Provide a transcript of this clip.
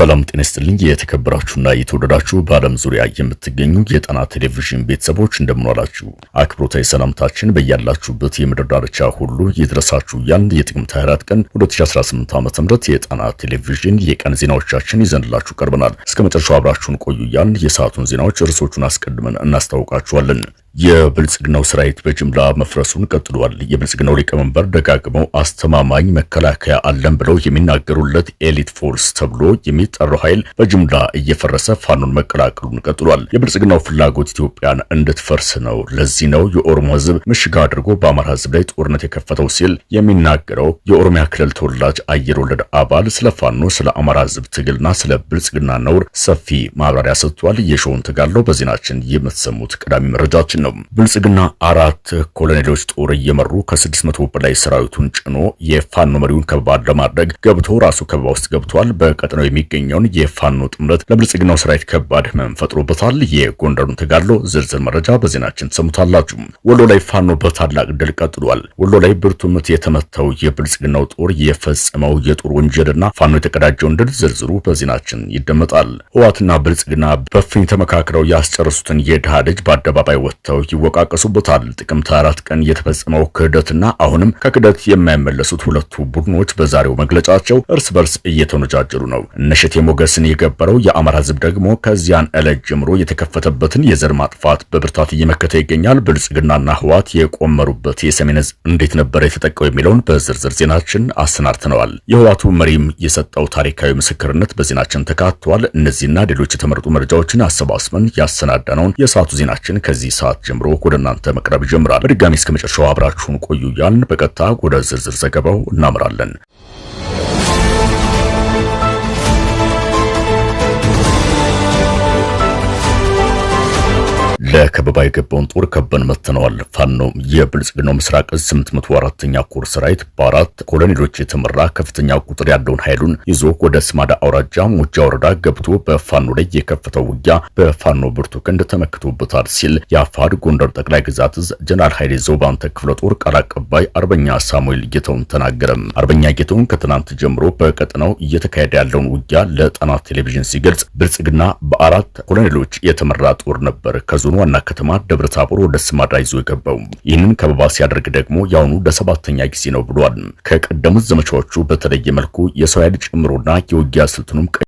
ሰላም ጤና ይስጥልኝ። የተከበራችሁና የተወደዳችሁ በዓለም ዙሪያ የምትገኙ የጣና ቴሌቪዥን ቤተሰቦች እንደምንዋላችሁ አክብሮታዊ ሰላምታችን በያላችሁበት የምድር ዳርቻ ሁሉ ይድረሳችሁ እያልን የጥቅምት 24 ቀን 2018 ዓ.ም የጣና ቴሌቪዥን የቀን ዜናዎቻችን ይዘንላችሁ ቀርበናል። እስከ መጨረሻው አብራችሁን ቆዩ እያልን የሰዓቱን ዜናዎች ርዕሶቹን አስቀድመን እናስታውቃችኋለን። የብልጽግናው ሰራዊት በጅምላ መፍረሱን ቀጥሏል። የብልጽግናው ሊቀመንበር ደጋግመው አስተማማኝ መከላከያ አለን ብለው የሚናገሩለት ኤሊት ፎርስ ተብሎ የሚጠራው ኃይል በጅምላ እየፈረሰ ፋኖን መቀላቀሉን ቀጥሏል። የብልጽግናው ፍላጎት ኢትዮጵያን እንድትፈርስ ነው። ለዚህ ነው የኦሮሞ ህዝብ ምሽግ አድርጎ በአማራ ህዝብ ላይ ጦርነት የከፈተው ሲል የሚናገረው የኦሮሚያ ክልል ተወላጅ አየር ወለድ አባል ስለ ፋኖ፣ ስለ አማራ ህዝብ ትግልና ስለ ብልጽግና ነውር ሰፊ ማብራሪያ ሰጥቷል። የሾውን ተጋድሎ በዜናችን የምትሰሙት ቀዳሚ መረጃችን ነው። ብልጽግና አራት ኮሎኔሎች ጦር እየመሩ ከ600 በላይ ሰራዊቱን ጭኖ የፋኖ መሪውን ከበባ ለማድረግ ገብቶ ራሱ ከበባ ውስጥ ገብቷል። በቀጠናው የሚገኘውን የፋኖ ጥምረት ለብልጽግናው ሰራዊት ከባድ ህመም ፈጥሮበታል። የጎንደሩን ተጋድሎ ዝርዝር መረጃ በዜናችን ትሰሙታላችሁ። ወሎ ላይ ፋኖ በታላቅ ድል ቀጥሏል። ወሎ ላይ ብርቱ ምት የተመታው የብልጽግናው ጦር የፈጸመው የጦር ወንጀልና ፋኖ የተቀዳጀውን ድል ዝርዝሩ በዜናችን ይደመጣል። ህዋትና ብልጽግና በፍኝ ተመካክረው ያስጨረሱትን የድሃ ልጅ በአደባባይ ወጥተው ተከታዮች ይወቃቀሱበታል። ጥቅምት አራት ቀን የተፈጸመው ክህደትና አሁንም ከክህደት የማይመለሱት ሁለቱ ቡድኖች በዛሬው መግለጫቸው እርስ በርስ እየተነጃጀሩ ነው። እነሸቴ ሞገስን የገበረው የአማራ ህዝብ ደግሞ ከዚያን ዕለት ጀምሮ የተከፈተበትን የዘር ማጥፋት በብርታት እየመከተ ይገኛል። ብልጽግናና ህዋት የቆመሩበት የሰሜን ህዝብ እንዴት ነበረ የተጠቀው የሚለውን በዝርዝር ዜናችን አሰናድተነዋል። የህዋቱ መሪም የሰጠው ታሪካዊ ምስክርነት በዜናችን ተካቷል። እነዚህና ሌሎች የተመረጡ መረጃዎችን አሰባስበን ያሰናዳነውን የሰዓቱ ዜናችን ከዚህ ሰዓት ሰዓት ጀምሮ ወደ እናንተ መቅረብ ይጀምራል። በድጋሚ እስከ መጨረሻው አብራችሁን ቆዩ እያልን በቀጥታ ወደ ዝርዝር ዘገባው እናምራለን። ለከበባ የገባውን ጦር ከበን መትነዋል። ፋኖ የብልጽግናው ምስራቅ 804ኛ ኮር ሰራዊት በአራት ኮሎኔሎች የተመራ ከፍተኛ ቁጥር ያለውን ኃይሉን ይዞ ወደ ስማዳ አውራጃ ሙጃ ወረዳ ገብቶ በፋኖ ላይ የከፈተው ውጊያ በፋኖ ብርቱ ክንድ ተመክቶበታል ሲል የአፋድ ጎንደር ጠቅላይ ግዛት እዝ ጀነራል ኃይሌ ዘውባንተ ክፍለ ጦር ቃል አቀባይ አርበኛ ሳሙኤል ጌተውን ተናገረም። አርበኛ ጌተውን ከትናንት ጀምሮ በቀጠናው እየተካሄደ ያለውን ውጊያ ለጣና ቴሌቪዥን ሲገልጽ ብልጽግና በአራት ኮሎኔሎች የተመራ ጦር ነበር ከዞኑ ዋና ከተማ ደብረ ታቦር ወደ ስማዳ ይዞ የገባው። ይህንን ከበባ ሲያደርግ ደግሞ የአሁኑ ለሰባተኛ ጊዜ ነው ብሏል። ከቀደሙት ዘመቻዎቹ በተለየ መልኩ የሰው ኃይል ጨምሮና የውጊያ ስልቱንም